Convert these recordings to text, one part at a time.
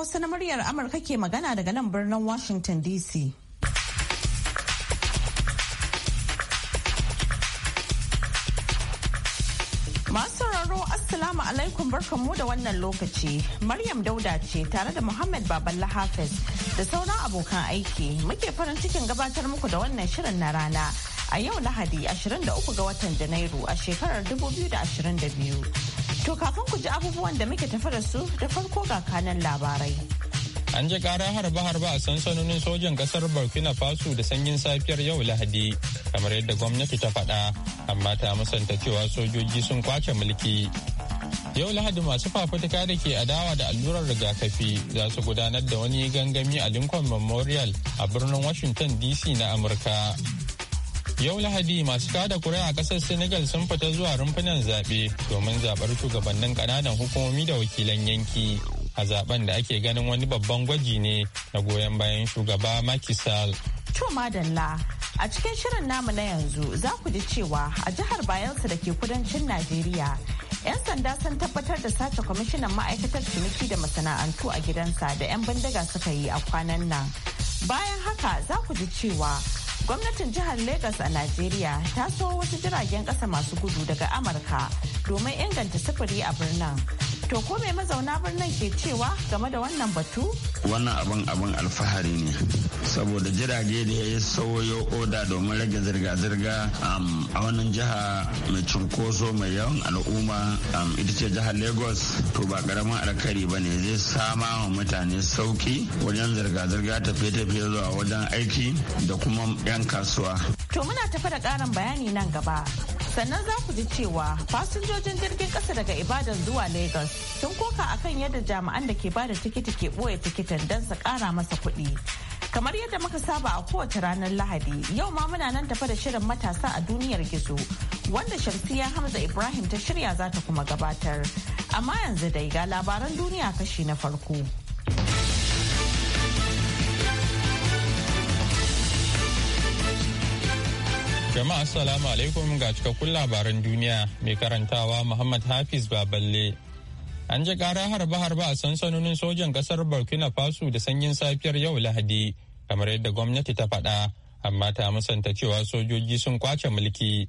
Hausa na muryar Amurka ke magana daga nan birnin Washington DC. Masu Assalamu alaikum barkanmu da wannan lokaci. Maryam Dauda ce tare da Muhammad Baballa Hafiz da sauran abokan aiki muke farin cikin gabatar muku da wannan shirin na rana a yau Lahadi 23 ga watan Janairu a shekarar 2022. To kafin ku ji abubuwan da muke tafi da su da farko ga kanan labarai. An ji ƙara harba-harba a sansanonin sojan ƙasar Burkina Faso da sanyin safiyar yau Lahadi, kamar yadda gwamnati ta faɗa, amma ta musanta cewa sojoji sun kwace mulki. Yau Lahadi masu fafutuka da ke adawa da allurar rigakafi za su gudanar da wani gangami a Lincoln Memorial a birnin Washington DC na Amurka. Yau Lahadi masu kada kuri'a a ƙasar Senegal sun fita zuwa rumfunan zaɓe domin zaɓar shugabannin ƙananan hukumomi da wakilan yanki. A zaɓen da ake ganin wani babban gwaji ne na goyon bayan shugaba Macky Sall. To madalla a cikin shirin namu na yanzu za ku ji cewa a jihar Bayelsa da ke kudancin Najeriya 'yan sanda sun tabbatar da sace kwamishinan ma'aikatar ciniki da masana'antu a gidansa da 'yan bindiga suka yi a kwanan nan. Bayan haka za ku ji cewa gwamnatin jihar Legas a Najeriya ta so wasu jiragen ƙasa masu gudu daga Amurka domin inganta sufuri a birnin. To ko mai mazauna birnin ke cewa game da wannan batu? Wannan abin abin alfahari ne. Saboda jirage da ya yi sauyo oda domin rage zirga-zirga um, a wannan jiha mai cunkoso mai yawan al'umma um, ita ce jihar Lagos to ba karamin alkari ba ne zai sama wa mutane sauki wajen zirga-zirga tafiye-tafiye zuwa wajen aiki da kuma 'yan 'yan kasuwa. To muna tafi da ƙarin bayani nan gaba. sannan za ku ji cewa fasinjojin jirgin ƙasa daga ibadan zuwa lagos sun koka akan yadda jami'an da ke bada tikiti ke ɓoye tikitin don su kara masa kuɗi kamar yadda muka saba a kowace ranar lahadi yau ma muna nan tafa da shirin matasa a duniyar gizo wanda shamsiya hamza ibrahim ta shirya za ta kuma gabatar amma yanzu dai ga labaran duniya kashi na farko Jama'a assalamu alaikum ga cikakkun labaran duniya mai karantawa Muhammad Hafiz Baballe. An ji kara harba-harba a sansanonin sojan ƙasar Burkina Faso da sanyin safiyar yau Lahadi, kamar yadda gwamnati ta faɗa, amma ta musanta cewa sojoji sun kwace mulki.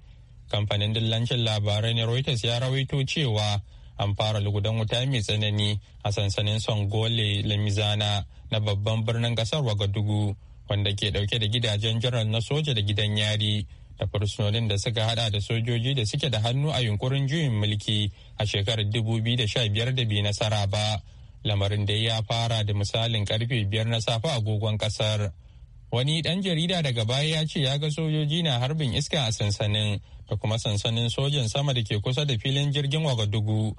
Kamfanin dillancin labarai na Reuters ya rawaito cewa an fara lugudan wuta mai tsanani a sansanin Songole Lamizana na babban birnin ƙasar Wagadugu, wanda ke ɗauke da gidajen jiran na soja da gidan yari. da fursunonin da suka hada da sojoji da suke da hannu a yunkurin juyin mulki a shekarar 2015 da biyu nasara ba lamarin da ya fara da misalin karfe biyar na safe agogon kasar wani dan jarida daga baya ya ce ya ga sojoji na harbin iska a sansanin da kuma sansanin sojan sama da ke kusa da filin jirgin wagadugu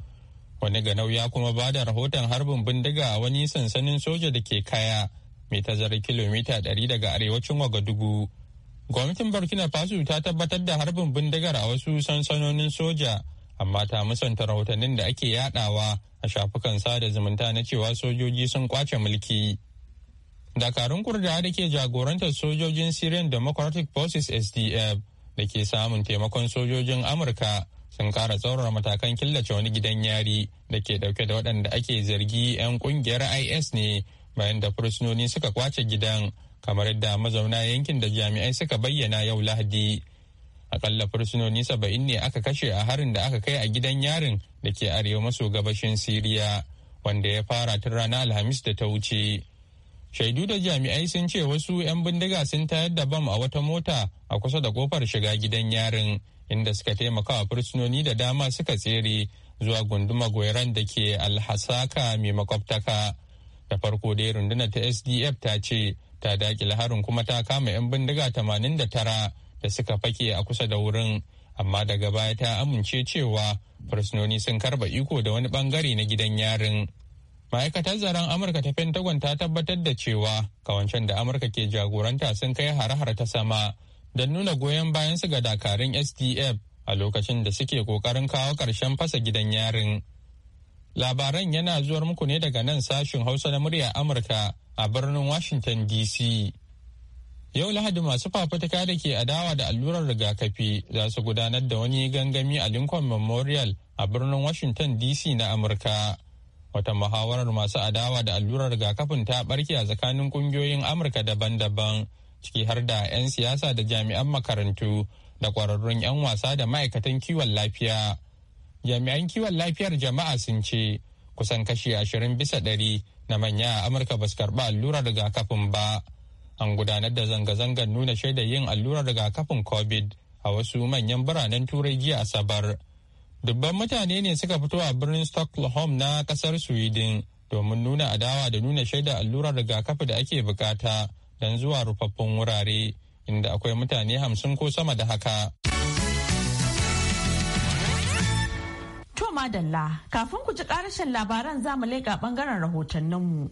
wani ganau ya kuma ba da rahoton harbin bindiga a wani sansanin soja da ke kaya mai tazarar kilomita 100 daga arewacin wagadugu Gwamnatin Burkina Faso ta tabbatar da harbin bindigar a wasu sansanonin soja, amma ta musanta rahotannin da ake yadawa a shafukan sada zumunta na cewa sojoji sun kwace mulki. Dakarun kurda da ke jagorantar sojojin Syrian Democratic Forces SDF da ke samun taimakon sojojin Amurka sun kara tsaurara matakan killace wani gidan yari da ke dauke da waɗanda ake zargi 'yan kungiyar IS ne bayan da fursunoni suka kwace gidan kamar yadda mazauna yankin da jami'ai suka bayyana yau lahadi akalla fursunoni saba'in ne aka kashe a harin da aka kai a gidan yarin da ke arewa maso gabashin siriya wanda ya fara tun rana alhamis da ta wuce shaidu da jami'ai sun ce wasu 'yan bindiga sun tayar da bam a wata mota a kusa da kofar shiga gidan yarin inda suka taimaka wa fursunoni da dama suka tsere zuwa gunduma goiran da ke alhasaka mai makwabtaka da farko dai rundunar ta sdf ta ce ta dakile harin kuma ta kama 'yan bindiga 89 da suka fake a kusa da wurin amma daga baya ta amince cewa fursunoni sun karba iko da wani bangare na gidan yarin ma'aikatar zaren amurka ta pentagon ta tabbatar da cewa kawancen da amurka ke jagoranta sun kai hare-hare ta sama don nuna goyon bayan su ga dakarun sdf a lokacin da suke kokarin kawo karshen fasa gidan yarin Labaran yana zuwar muku ne daga nan sashin Hausa na murya Amurka a birnin Washington DC. Yau Lahadi masu fafutuka da ke adawa da allurar rigakafi za su gudanar da wani gangami a Lincoln Memorial a birnin Washington DC na Amurka. Wata muhawarar masu adawa da allurar rigakafin ta barke a tsakanin kungiyoyin Amurka daban-daban, ciki har da 'yan siyasa da jami'an makarantu da kwararrun 'yan wasa da ma'aikatan kiwon lafiya. jami'an kiwon lafiyar jama'a sun ce kusan kashi ashirin bisa ɗari na manya a amurka ba su karɓi allurar rigakafin ba an gudanar da zanga-zangar nuna shaidar yin allurar rigakafin covid a wasu manyan biranen turai jiya asabar dubban mutane ne suka fito a birnin stockholm na kasar sweden domin nuna adawa da nuna shaidar allurar rigakafi da ake bukata don zuwa rufaffun wurare inda akwai mutane hamsin ko sama da haka To madalla kafin ku ji karashin labaran zamu leƙa bangaren rahotanninmu.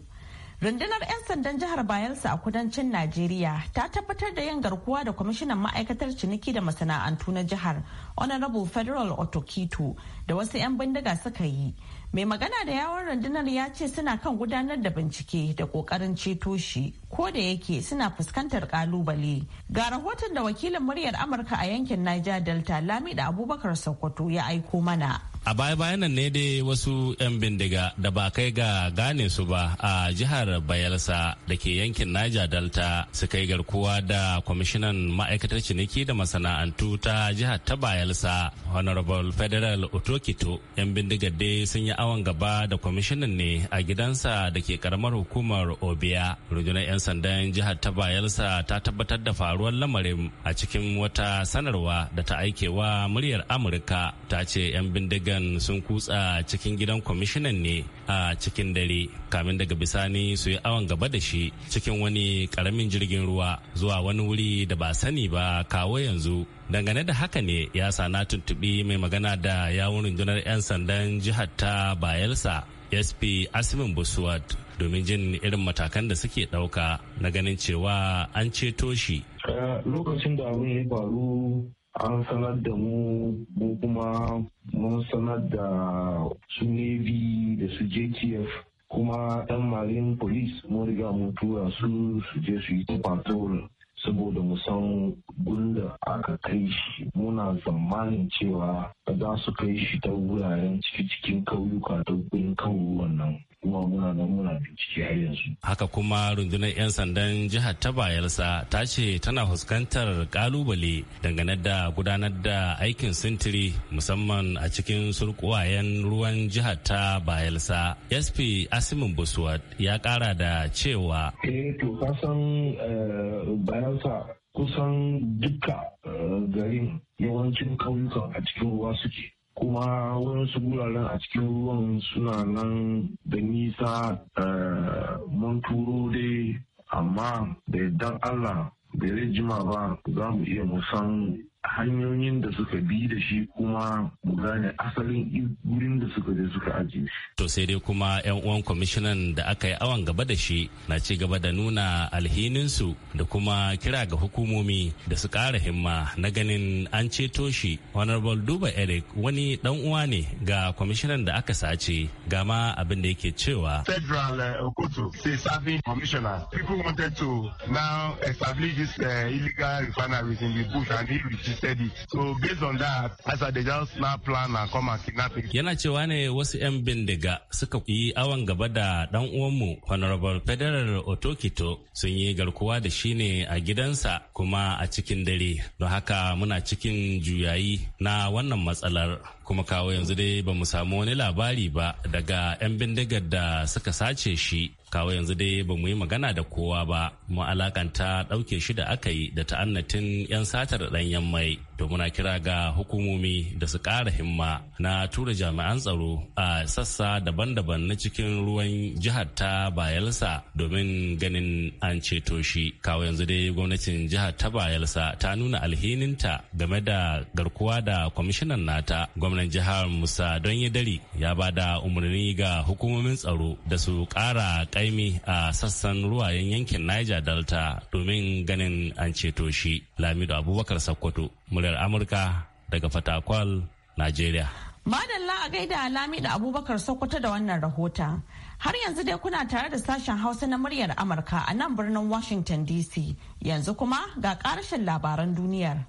Rundunar 'yan sandan jihar Bayelsa a kudancin Najeriya ta tabbatar da yin garkuwa da kwamishinan ma'aikatar ciniki da masana'antu na jihar Honorable Federal Otokito da wasu 'yan bindiga suka yi. Mai magana da yawon rundunar ya ce suna kan gudanar da bincike da kokarin ceto shi ko da yake suna fuskantar kalubale. Ga rahoton da wakilin muryar Amurka a yankin Niger Delta Lamida Abubakar Sokoto ya aiko mana. a baya-bayan nan ne dai wasu 'yan bindiga da ba kai ga gane su ba a jihar bayelsa da ke yankin niger delta su kai garkuwa da kwamishinan ma'aikatar ciniki da masana'antu ta jihar ta bayelsa honorable federal otokito 'yan bindiga dai sun yi awon gaba da kwamishinan ne a gidansa da ke karamar hukumar obia rundunar 'yan sandan jihar ta bayelsa ta tabbatar da faruwar lamarin a cikin wata sanarwa da ta aikewa muryar amurka ta ce 'yan bindiga Reagan sun kutsa cikin gidan kwamishinan ne a cikin dare kamin daga bisani su yi awon gaba da shi cikin wani karamin jirgin ruwa zuwa wani wuri da ba sani ba kawo yanzu dangane da haka ne ya sana tuntubi mai magana da yawun rundunar 'yan sandan jihar ta bayelsa sp asimin buswat domin jin irin matakan da suke ɗauka na ganin cewa an ceto shi lokacin da abin ya faru an sanar da mu ko kuma mun sanar da su navy da su jtf kuma yan marine police mun riga mun tura su su je su yi patrol saboda mu san gunda aka kai shi muna tsammanin cewa za su kai shi ta wuraren ciki cikin kauyuka ta gurin kauyuwan wannan. kuma muna da muna bincike har yanzu. Haka kuma rundunar 'yan sandan jihar ta bayelsa ta ce tana fuskantar kalubale dangane da gudanar da aikin sintiri musamman a cikin surkuwayen ruwan jihar ta bayelsa. SP Asimin Buswat ya kara da cewa. Eh to kasan eh, bayelsa kusan duka eh, garin yawancin kauyukan a cikin ruwa suke. kuma wasu guraren a cikin ruwan suna nan da nisa eh, mun turo dai amma da dan allah bai zai jima ba za mu iya musan hanyoyin da suka bi da shi kuma mu gane asalin gurin da suka je suka ajiye shi. To sai dai kuma 'yan uwan kwamishinan da aka yi awon gaba da shi na ci gaba da nuna alhininsu da kuma kira ga hukumomi da su ƙara himma na ganin an ceto shi. Honorable Duba Eric wani dan uwa ne ga kwamishinan da aka sace ga ma abin da yake cewa. Federal eh, Okoto, say serving commissioner, people wanted to now establish this eh, illegal refinery in the bush and he she said So based on that, as a they just now plan and come and kidnap him. Yana cewa ne wasu 'yan bindiga suka yi awon gaba da dan mu Honorable Federal Otokito sun yi garkuwa da shi ne a gidansa kuma a cikin dare. Don haka muna cikin juyayi na wannan matsalar. kuma kawo yanzu dai ba mu samu wani labari ba daga 'yan bindigar da suka sace shi kawo yanzu dai ba mu yi magana da kowa ba mu alakanta ɗauke shi da aka yi da ta'annatin 'yan satar ɗanyen mai to muna kira ga hukumomi da su ƙara himma na tura jami'an tsaro a sassa daban-daban na cikin ruwan jihar ta bayelsa domin ganin an ceto shi kawo yanzu dai gwamnatin jihar ta bayelsa ta nuna alhininta game da garkuwa da kwamishinan nata gwamnan jihar musa don dari ya ba da umarni ga hukumomin tsaro da su ƙara ƙaimi a sassan ruwayen yankin niger delta domin ganin an ceto shi lamido abubakar sakkwato muryar Amurka daga Fatakwal, Najeriya. Madalla a gaida da Abubakar Sokoto da wannan rahota. Har yanzu dai kuna tare da sashen Hausa na muryar Amurka a nan birnin Washington DC. Yanzu kuma ga ƙarshen labaran duniyar.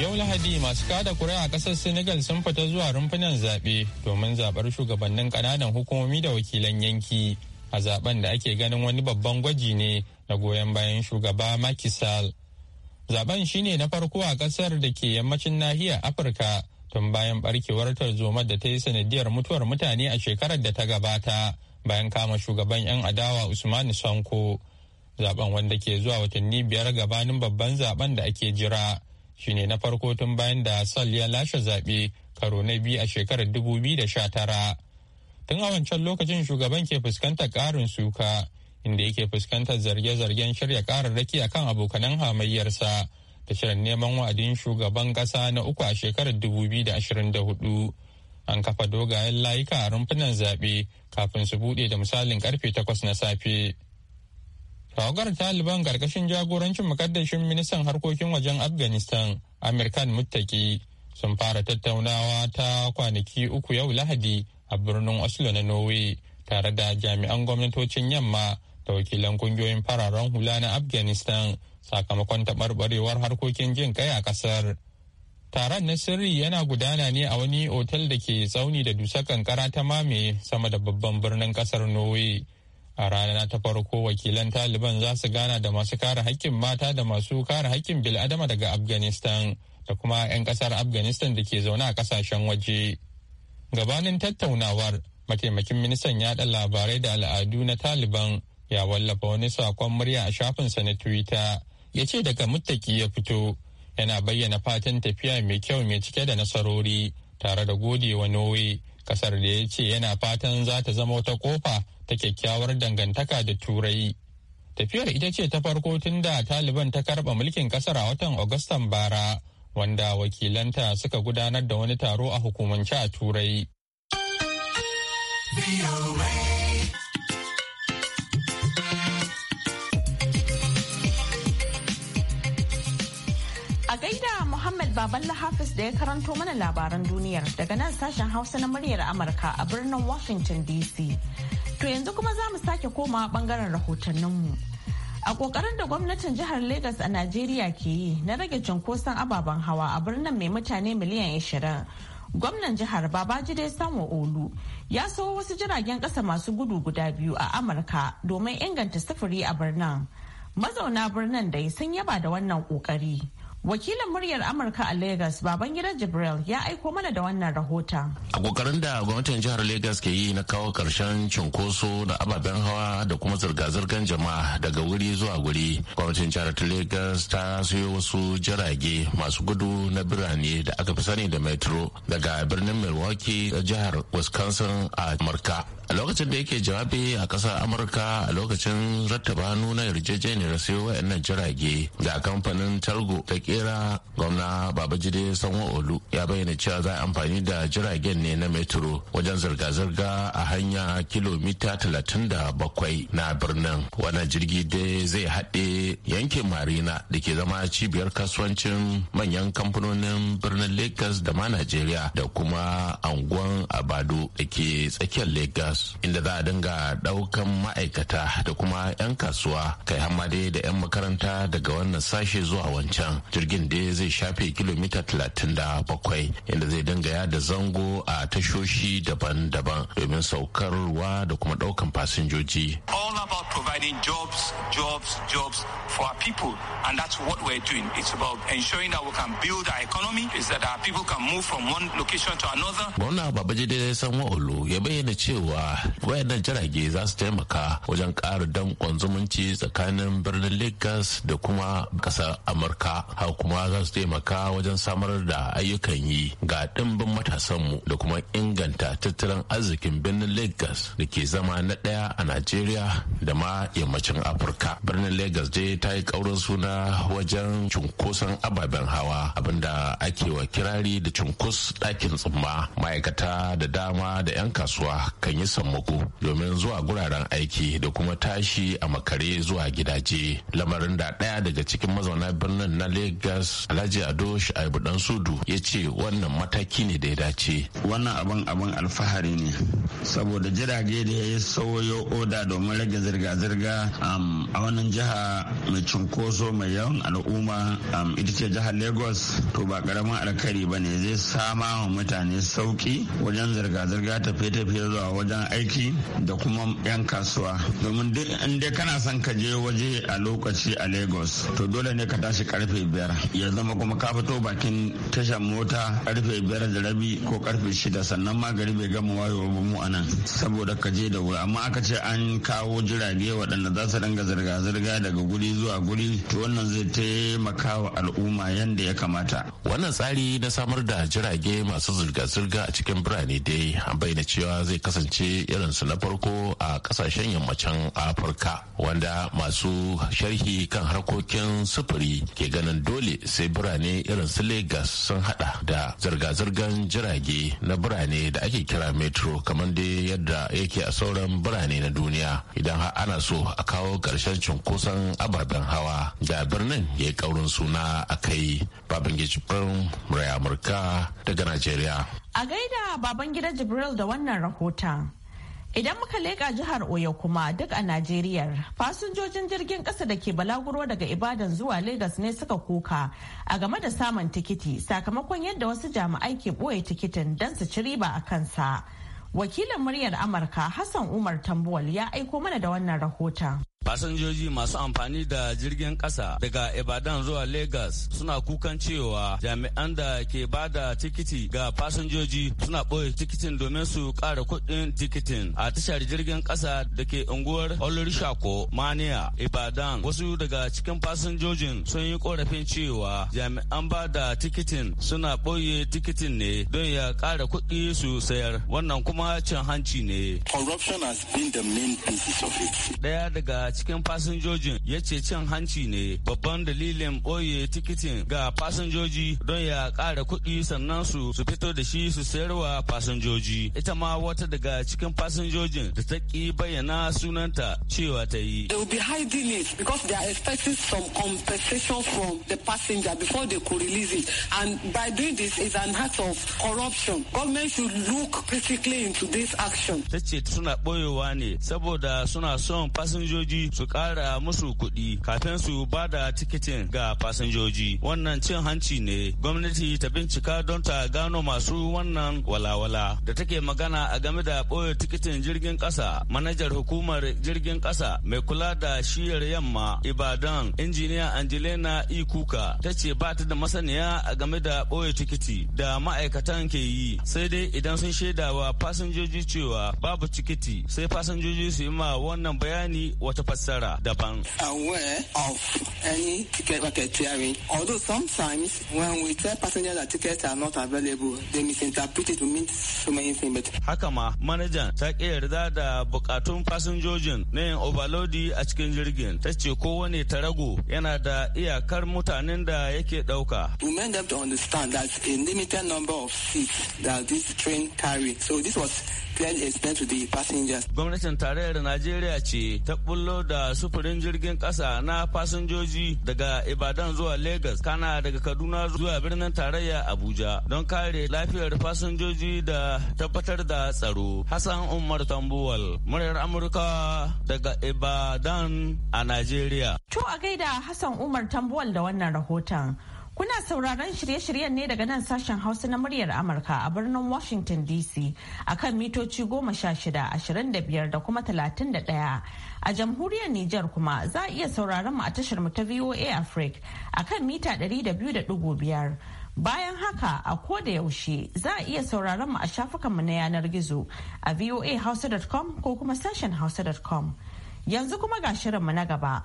Yau Lahadi masu kada kuri'a a ƙasar Senegal sun fita zuwa rumfunan zaɓe domin zaɓar shugabannin ƙananan hukumomi da wakilan yanki a zaben da ake ganin wani babban gwaji ne na goyon bayan shugaba makisal zaben shine na farko a kasar da ke yammacin nahiyar afirka tun bayan barkewar tarzoma da ta yi sanadiyar mutuwar mutane a shekarar da ta gabata bayan kama shugaban 'yan adawa usmanu sanko zaben wanda ke zuwa watanni biyar gabanin babban zaben da ake jira shine na farko tun bayan da sal ya lashe zaɓe karo na biyu a shekarar 2019 tun a wancan lokacin shugaban ke fuskantar ƙarin suka inda yake fuskantar zarge-zargen shirya ƙararraki a kan abokanan hamayyarsa da shirin neman wa'adin shugaban ƙasa na uku a shekarar da da ashirin hudu an kafa dogayen layuka a rumfunan zaɓe kafin su buɗe da misalin karfe 8 na safe tawagar taliban ƙarƙashin jagorancin mukaddashin ministan harkokin wajen afghanistan amir khan muttaki sun fara tattaunawa ta kwanaki uku yau lahadi a birnin oslo na norway tare da jami'an gwamnatocin yamma da wakilan kungiyoyin fararen hula na afghanistan sakamakon taɓarɓarewar harkokin jin kai a ƙasar taron na sirri yana gudana ne a wani otal da ke tsauni da dusa kankara ta mame sama da babban birnin ƙasar norway a rana ta farko wakilan taliban za su gana da masu kare haƙƙin mata da masu kare haƙƙin bil'adama daga afghanistan da kuma 'yan ƙasar afghanistan da ke zaune a ƙasashen waje gabanin tattaunawar mataimakin ministan yada labarai da al'adu na taliban ya wallafa wani sakon murya a shafinsa na twitter ya ce daga muttaki ya fito yana bayyana fatan tafiya mai kyau mai cike da nasarori tare da godewa norway kasar da ya ce yana fatan za ta zama wata kofa ta kyakkyawar dangantaka da turai tafiyar ita ce ta farko tun da taliban ta karba mulkin kasar a watan agustan bara wanda wakilanta suka gudanar da wani taro a hukumance a turai a gaida muhammad baballa hafiz da ya karanto mana labaran duniyar daga nan sashen hausa na muryar amurka a birnin washington dc to yanzu kuma za mu sake komawa bangaren rahotanninmu A kokarin da gwamnatin jihar Legas a Najeriya ke yi na rage cunkoson ababen hawa a birnin mai mutane miliyan 20. Gwamnan jihar Babajide Sanwo Olu ya sawo wasu jiragen ƙasa masu gudu guda biyu a Amurka domin inganta sufuri a birnin. Mazauna birnin dai sun yaba da wannan kokari. Wakilin muryar Amurka a Lagos, gidan Jibril, ya aiko mana da wannan rahota. A kokarin da gwamnatin jihar Lagos ke yi na kawo karshen cunkoso da ababen hawa da kuma zirga-zirgar jama'a daga wuri zuwa wuri, gwamnatin jihar ta Lagos ta siyo wasu jirage masu gudu na birane da aka fi sani da metro daga birnin Milwaukee jihar Wisconsin a Amurka. a lokacin da yake jawabi a kasar amurka a lokacin rattaba hannu na yarjejeniyar sayo wa'annan jirage ga kamfanin talgo da kera gwamna babajide sanwo olu ya bayyana cewa za a amfani da jiragen ne na metro wajen zirga-zirga a hanya kilomita 37 na birnin wannan jirgi dai zai haɗe yankin marina da ke zama cibiyar kasuwancin manyan kamfanonin birnin lagos da ma nigeria da kuma anguwan abado da ke tsakiyar lagos inda za a dinga ɗaukan ma'aikata da kuma 'yan kasuwa kai hamade da 'yan makaranta daga wannan sashe zuwa wancan jirgin da zai shafe kilomita 37 inda zai dangaya da zango a tashoshi daban-daban domin saukarwa da kuma daukan fasinjoji all about providing jobs jobs jobs for our people. And that's what we're doing. It's about ensuring that we can build our economy, is that our people can move from one location to another. Gwamna Babajide Sanwo-Olu ya bayyana cewa wayannan jirage za su taimaka wajen ƙara danƙon zumunci tsakanin birnin Lagos da kuma ƙasar Amurka. Haka kuma za su taimaka wajen samar da ayyukan yi ga ɗimbin matasanmu da kuma inganta tattalin arzikin birnin Lagos da ke zama na ɗaya a Najeriya da ma yammacin Afirka. Birnin Lagos dai ta ta yi suna wajen cunkoson ababen hawa abinda ake wa kirari da cunkus ɗakin tsumma ma'aikata da dama da 'yan kasuwa kan yi sammako domin zuwa guraren aiki da kuma tashi a makare zuwa gidaje lamarin da ɗaya daga cikin mazauna birnin na lagos alhaji ado shaibu dan sudu ya ce wannan mataki ne da ya dace wannan abin abin alfahari ne saboda jirage da ya yi sauyo oda domin rage zirga-zirga a wannan jiha mai cunkoso mai yawan al'umma um, ita ce jihar lagos to ba karamin alkari ba ne zai sama wa mutane sauki wajen zirga-zirga tafiye-tafiye zuwa wajen aiki da kuma 'yan kasuwa domin in dai kana son ka je waje a lokaci a lagos to dole ne ka tashi karfe biyar ya zama kuma ka fito bakin tashar mota karfe biyar da rabi ko karfe shida sannan ma gari bai gama wayewa ba mu anan saboda ka je da wuri amma aka ce an kawo jirage waɗanda za su dinga zirga-zirga daga guri zuwa guri to wannan zai taimaka wa al'umma yadda ya kamata wannan tsari na samar da jirage masu zirga-zirga a cikin birane dai an bayyana cewa zai kasance irinsu na farko a kasashen yammacin afirka wanda masu sharhi kan harkokin sufuri ke ganin dole sai birane irin su lagos sun hada da zirga-zirgar jirage na birane da ake kira metro kamar dai yadda yake a sauran birane na duniya idan ana so a kawo ƙarshen cunkoson ababen ababen hawa da birnin ya yi kaurin suna a kai babangida jibril murai amurka daga nigeria a gaida babangida jibril da wannan rahoton Idan muka leƙa jihar Oyo kuma duk a Najeriya, fasinjojin jirgin ƙasa da ke balaguro daga Ibadan zuwa Legas ne suka kuka a game da samun tikiti sakamakon yadda wasu jami'ai ke ɓoye tikitin don su ci riba a kansa. Wakilin muryar Amurka Hassan Umar Tambuwal ya aiko mana da wannan rahoton. Fasinjoji masu amfani da jirgin ƙasa daga Ibadan zuwa Lagos suna kukan cewa jami'an da ke ba da tikiti ga fasinjoji suna ɓoye tikitin domin su ƙara kuɗin tikitin. A tashar jirgin ƙasa da ke unguwar Olorishako, Maniya, Ibadan wasu daga cikin fasinjojin sun yi ƙorafin cewa jami'an ba da tikitin suna ɓoye tikitin ne don ya ƙara kuɗi su sayar. Wannan kuma cin hanci ne. Corruption has been the main basis of it. daga daga cikin fasinjojin ya ce cin hanci ne babban dalilin ɓoye tikitin ga fasinjoji don ya ƙara kuɗi sannan su su fito da shi su sayarwa fasinjoji ita ma wata daga cikin fasinjojin da ta ƙi bayyana sunanta cewa ta yi. They will be hiding it because they are expecting some compensation from the passenger before they could release it and by doing this is an act of corruption. Government should look critically into this action. Ta ce suna ɓoyewa ne saboda suna son fasinjoji su ƙara musu kuɗi kafin su ba da tikitin ga fasinjoji wannan cin hanci ne gwamnati ta bincika don ta gano masu wannan walawala da take magana a game da ɓoye tikitin jirgin ƙasa manajar hukumar jirgin ƙasa mai kula da shiyar yamma ibadan injiniya angelina ikuka ta ce ba ta da masaniya a game da ɓoye tikiti da ma'aikatan ke yi sai dai idan sun shaidawa wa fasinjoji cewa babu tikiti sai fasinjoji su yi ma wannan bayani wata fassara daban. Aware of any ticket racketeering, although sometimes when we tell passengers that tickets are not available, they misinterpret it to mean so many things. But... Haka ma manajan ta yarda da bukatun fasinjojin na yin overloadi a cikin jirgin ta ce kowane tarago yana da iyakar mutanen da yake dauka. We made them to understand that a limited number of seats that this train carry. So this was clearly explained to the passengers. Gwamnatin tarayyar Najeriya ce ta bullo da sufurin jirgin kasa na fasinjoji daga Ibadan zuwa Legas, kana daga Kaduna zuwa birnin tarayya Abuja don kare lafiyar fasinjoji da tabbatar da tsaro. Hassan Umar Tambuwal, muryar Amurka daga Ibadan a Najeriya. To a gaida Hassan Umar Tambuwal da wannan rahoton. Kuna sauraron shirye-shiryen ne daga nan sashen Hausa na muryar Amurka a birnin Washington DC a kan mitoci goma sha shida, ashirin da biyar da kuma talatin da ɗaya. A jamhuriyar Nijar kuma za a iya sauraron mu a tashar mu ta VOA Africa a kan mita 200.5. Bayan haka a koda yaushe za a iya sauraron mu a mu na yanar gizo a voahausa.com ko kuma sashen hausa.com. Yanzu kuma ga shirin mu na gaba.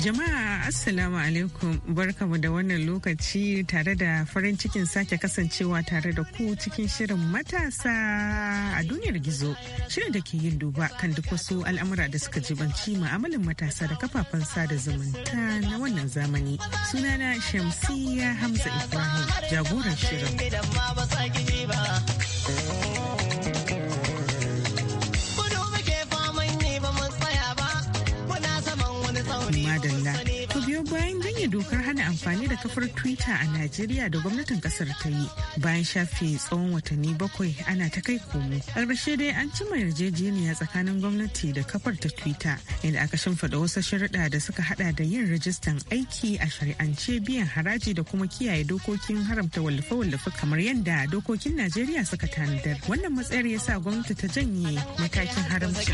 Jama'a Assalamu alaikum barkamu da wannan lokaci tare da farin cikin sake kasancewa tare da ku cikin shirin matasa a duniyar gizo. Shirin da ke yin duba kan duk wasu al'amura da suka jibanci ma'amalin matasa da kafafen sada zumunta na wannan zamani. Sunana Shamsiya Hamza Ibrahim jagoran shirin. Madalla. biyo bayan janye dokar hana amfani da kafar Twitter a Najeriya da gwamnatin kasar ta yi bayan shafe tsawon watanni bakwai ana ta kai komo. Ƙarshe dai an cima yarjejeniya tsakanin gwamnati da kafar ta Twitter inda aka shimfiɗa wasu sharuɗa da suka hada da yin rajistan aiki a shari'ance biyan haraji da kuma kiyaye dokokin haramta wallafe-wallafe kamar yadda dokokin Najeriya suka tanadar. Wannan matsayar ya sa gwamnati ta janye matakin haramta.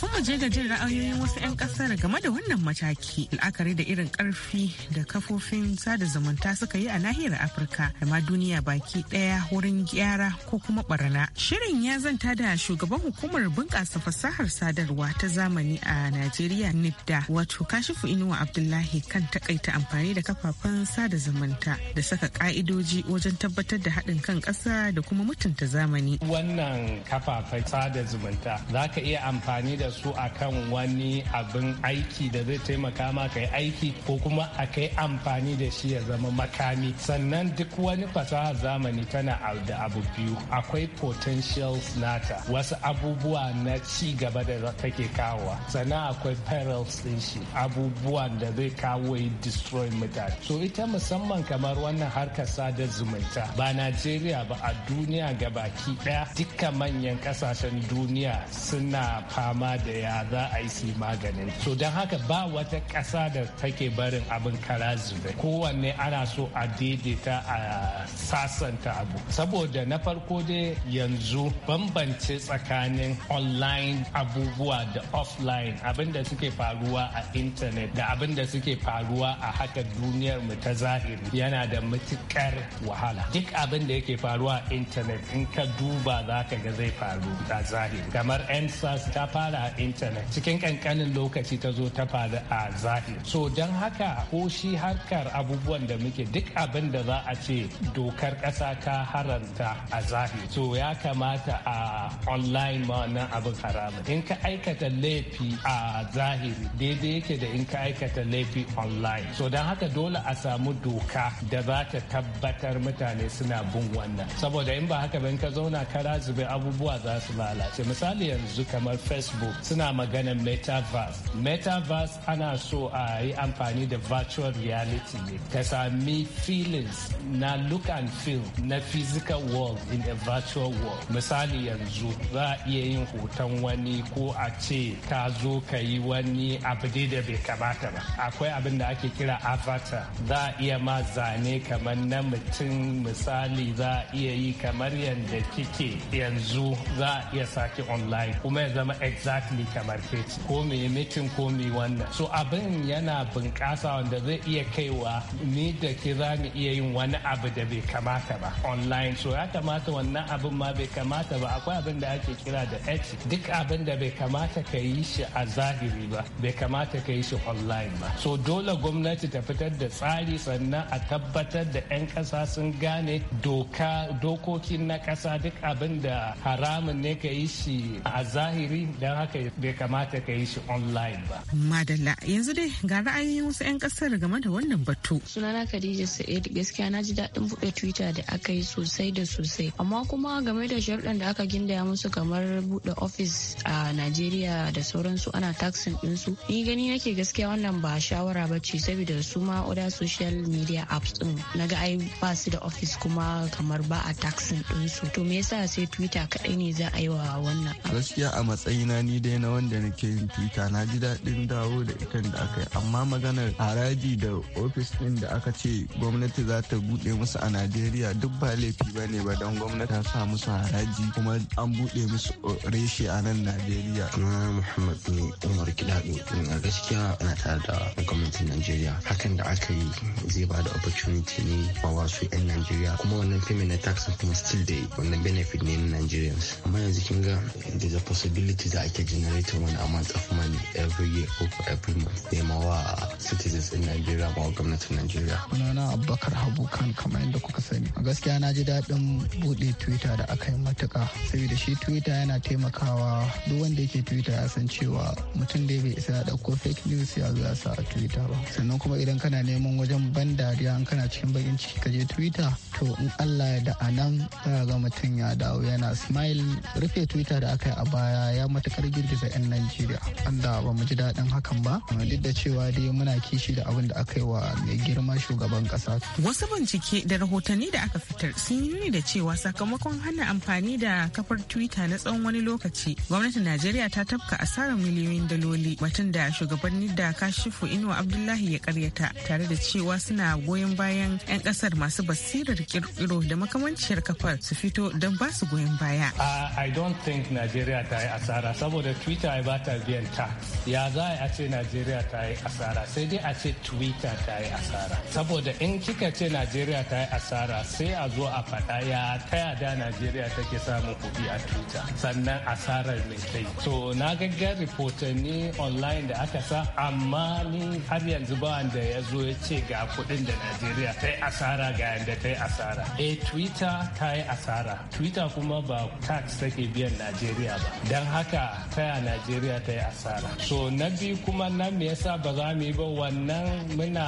Kafin mu je ga ra'ayoyin wasu 'yan kasar game da wannan mataki la'akari da irin karfi da kafofin sada zumunta suka yi a nahiyar Afirka da ma duniya baki daya wurin gyara ko kuma barna. Shirin ya zanta da shugaban hukumar bunƙasa fasahar sadarwa ta zamani a Najeriya nifda wato Kashifu Inuwa Abdullahi kan takaita amfani da kafafen sada zumunta da saka ka'idoji wajen tabbatar da haɗin kan ƙasa da kuma mutunta zamani. Wannan kafafen sada zumunta za ka iya amfani da su su akan wani abin aiki da zai taimaka ma kai aiki ko kuma a kai amfani da shi ya zama makami sannan duk wani fasaha zamani tana da abu biyu akwai potentials nata wasu abubuwa na ci gaba da take kawowa sannan akwai perils din shi abubuwan da zai kawo yi destroy mutane so ita musamman kamar wannan harkar sada zumunta ba najeriya ba a duniya gabaki daya dukkan manyan kasashen duniya suna fama da ya za a yi su maganin to don haka ba wata ƙasa da take barin abin kara zube kowanne ana so a daidaita a sasanta abu saboda na farko dai yanzu bambance tsakanin online abubuwa da offline da suke faruwa a intanet da abin da suke faruwa a haka duniyar mu ta zahiri yana da matukar wahala duk abin da yake faruwa a intanet in ka duba za ka ga zai faru a zahiri kamar nsas ta fara a intanet cikin kankanin lokaci ta zo ta faru a zahir so don haka ko shi harkar abubuwan da muke duk abin da za a ce dokar ƙasa ta haranta a zahir so ya kamata a online ma wannan abin haramun in ka aikata laifi a zahiri daidai yake da in ka aikata laifi online so don haka dole a samu doka da za ta tabbatar mutane suna bin wannan saboda in ba haka ba ka zauna kara zube abubuwa za su lalace misali yanzu kamar facebook suna maganar metaverse metaverse ana so a yi amfani da virtual reality ne ka sami feelings na look and feel na physical world in a virtual world misali yanzu za a iya yin hoton wani ko a ce ka zo ka yi wani abu da bai kamata ba akwai abin da ake kira avatar za a iya ma zane kamar na mutum misali za a iya yi kamar yadda kike yanzu za a iya sake online kuma ya zama exact exactly kamar feti ko me mitin ko me wannan so abin yana bunƙasa wanda zai iya kaiwa ni da ke za mu iya yin wani abu da bai kamata ba online so ya kamata wannan abin ma bai kamata ba akwai abin da ake kira da ethics duk abin da bai kamata ka yi shi a zahiri ba bai kamata ka yi shi online ba so dole gwamnati ta fitar da tsari sannan a tabbatar da 'yan ƙasa sun gane doka dokokin na ƙasa duk abin da haramun ne ka yi shi a zahiri don haka haka bai kamata ka yi shi online ba. Madalla yanzu dai ga ra'ayoyin wasu 'yan kasar game da wannan batu. Sunana Khadija Sa'id gaskiya na ji daɗin buɗe Twitter da aka yi sosai da sosai amma kuma game da sharuɗan da aka gindaya musu kamar buɗe ofis a Najeriya da sauransu ana taxin ɗinsu. Ni gani nake gaskiya wannan ba shawara ba ce saboda su ma oda social media apps ɗin ga ai ba su da ofis kuma kamar ba a taxin ɗinsu. To me yasa sai Twitter kaɗai ne za a yi wa wannan. Gaskiya a matsayina ni dai na wanda nake yin twitter na ji daɗin dawo da itan da aka yi amma maganar haraji da ofis ɗin da aka ce gwamnati za ta buɗe musu a najeriya duk ba laifi ba ne ba don gwamnati ta sa musu haraji kuma an buɗe musu reshe a nan najeriya. na muhammad ne umar kidaɗo a gaskiya ana tare da gwamnatin najeriya hakan da aka yi zai ba da opportunity ne ma wasu 'yan najeriya kuma wannan fim na tax kuma still day wannan benefit ne na nigerians amma yanzu kin ga da possibility da ake generating wani amount of money every year ko every month nema wa citizens in Nigeria ma gwamnatin Nigeria. na Abubakar Habu kan kamar yadda kuka sani. A gaskiya na ji daɗin buɗe Twitter da aka yi matuka. saboda shi Twitter yana taimakawa duk wanda yake Twitter ya san cewa mutum da bai isa ya ɗauko fake news ya zo ya sa a Twitter ba. Sannan kuma idan kana neman wajen ban dariya in kana cikin bakin ciki ka je Twitter to in Allah ya da anan za ga mutum ya dawo yana smile rufe Twitter da aka yi a baya ya matukar girgiza 'yan najeriya an da ba mu ji daɗin hakan ba duk da cewa dai muna kishi da abin da aka yi wa mai girma shugaban ƙasa wasu bincike da rahotanni da aka fitar sun yi nuni da cewa sakamakon hana amfani da kafar twitter na tsawon wani lokaci gwamnatin najeriya ta tafka asarar miliyoyin daloli batun da shugabanni da kashifu inuwa abdullahi ya karyata tare da cewa suna goyon bayan 'yan ƙasar masu basirar kirkiro da makamanciyar kafar su fito don ba su goyon baya. Uh, I don't think Najeriya ta yi asara saboda saboda twitter ya bata biyan ta ya za a ce najeriya ta yi asara sai dai a ce twitter ta yi asara saboda in kika ce najeriya ta yi asara sai a zo a faɗa ya ta yada najeriya take samun kuɗi a twitter sannan asarar mai kai to na gaggar rahotanni online da aka sa amma ni har yanzu ba wanda ya zo ya ce ga kuɗin da najeriya ta yi asara ga yanda ta yi asara e twitter ta yi asara twitter kuma ba tax take biyan najeriya ba don haka ta najeriya ta yi asara so na biyu kuma nan me yasa ba za mu yi ba wannan muna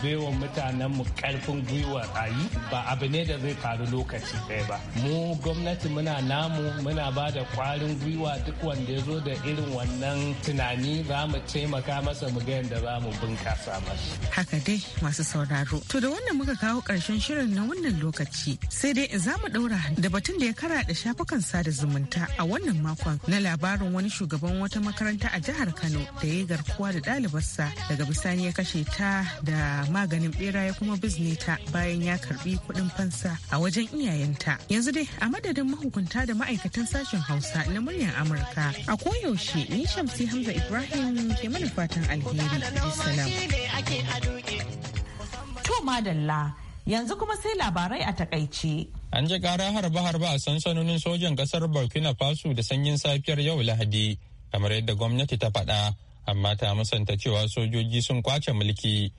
baiwa mutanen mu karfin gwiwa a yi ba abu ne da zai faru lokaci ɗaya ba mu gwamnati muna namu muna ba da kwarin gwiwa duk wanda ya zo da irin wannan tunani za mu taimaka masa mu ga yadda za mu bunkasa masa. haka dai masu sauraro to da wannan muka kawo ƙarshen shirin na wannan lokaci sai dai za mu ɗaura da batun da ya kara da shafukan sada zumunta a wannan makon na labarin wani shugaban wata makaranta a jihar Kano da ya garkuwa da ɗalibarsa daga bisani ya kashe ta da maganin bera ya kuma bizne ta bayan ya karbi kuɗin fansa a wajen iyayenta. Yanzu dai a madadin mahukunta da ma'aikatan sashen Hausa na muryar Amurka. A koyaushe ni Shamsi Hamza Ibrahim ke mana fatan alheri. To madalla Yanzu kuma sai labarai a takaice. An ji ƙara harba-harba a sansanonin sojan ƙasar Burkina Faso da sanyin safiyar yau Lahadi, kamar yadda gwamnati ta faɗa, amma ta musanta cewa sojoji sun kwace mulki.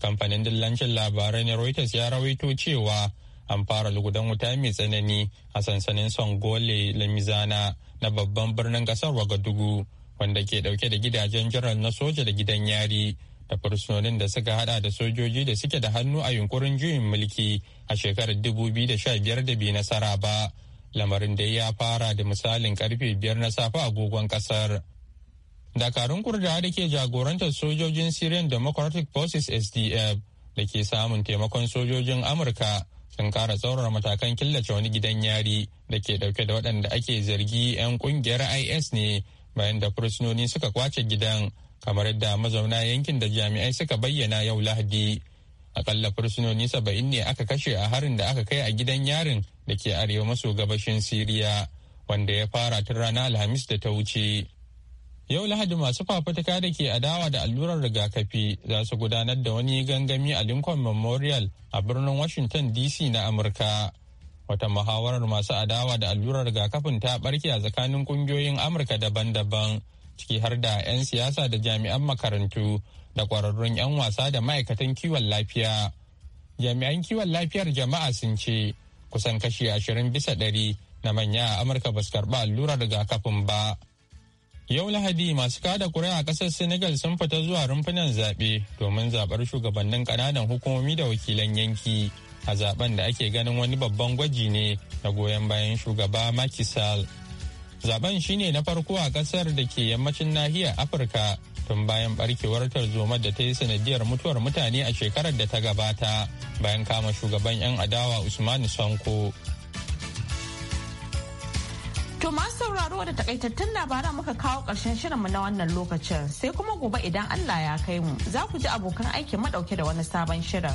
Kamfanin dillancin labarai na Reuters ya rawaito cewa an fara lugudan wuta mai tsanani a sansanin Songole Lamizana na babban birnin ƙasar Wagadugu, wanda ke ɗauke da gidajen jiran na soja da gidan yari. da fursunonin da suka hada da sojoji da suke da hannu a yunkurin juyin mulki a shekarar 2015 da biyu nasara ba lamarin da ya fara da misalin karfe biyar na safe agogon kasar dakarun kurda da ke jagorantar sojojin syrian democratic forces sdf da ke samun taimakon sojojin amurka sun kara tsaurara matakan killace wani gidan yari da ke dauke da waɗanda ake zargi 'yan kungiyar is ne bayan da fursunoni suka kwace gidan kamar yadda mazauna yankin da jami'ai suka bayyana yau lahadi akalla fursunoni saba'in ne aka kashe a harin da aka kai a gidan yarin da ke arewa maso gabashin siriya wanda ya fara tun rana alhamis da ta wuce yau lahadi masu fafutuka da ke adawa da allurar rigakafi za su gudanar da wani gangami a lincoln memorial a birnin washington dc na amurka wata muhawarar masu adawa da allurar rigakafin ta barke a tsakanin kungiyoyin amurka daban-daban ciki har da 'yan siyasa da jami'an makarantu da kwararrun 'yan wasa da ma'aikatan kiwon lafiya. Jami'an kiwon lafiyar jama'a sun ce kusan kashi ashirin bisa ɗari na manya a Amurka ba su karɓi allurar rigakafin ba. Yau Lahadi masu kada kuri a ƙasar Senegal sun fita zuwa rumfunan zaɓe domin zaɓar shugabannin ƙananan hukumomi da wakilan yanki a zaɓen da ake ganin wani babban gwaji ne na goyon bayan shugaba Macky Sall. Zaben shine na farko a kasar da ke yammacin nahiyar Afirka tun bayan barkewar tarzomar da ta yi sanadiyar mutuwar mutane a shekarar da ta gabata bayan kama shugaban 'yan adawa Usmanu Sanko. To masu sauraro da takaitattun labaran muka kawo ƙarshen shirinmu na wannan lokacin sai kuma gobe idan Allah ya kai mu za ku ji abokan aikin madauke da wani sabon shirin.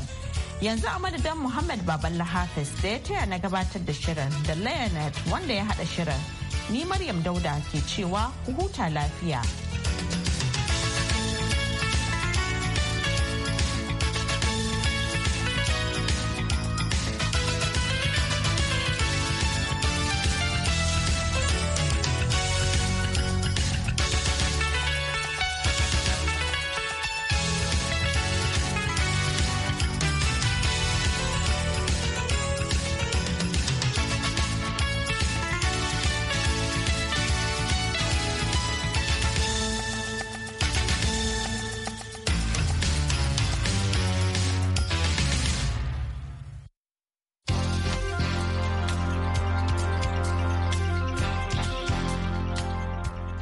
Yanzu a madadin Muhammad Baballa Hafiz da ya taya na gabatar da shirin da Leonard wanda ya haɗa shirin. Ni Maryam Dauda ke cewa huta lafiya.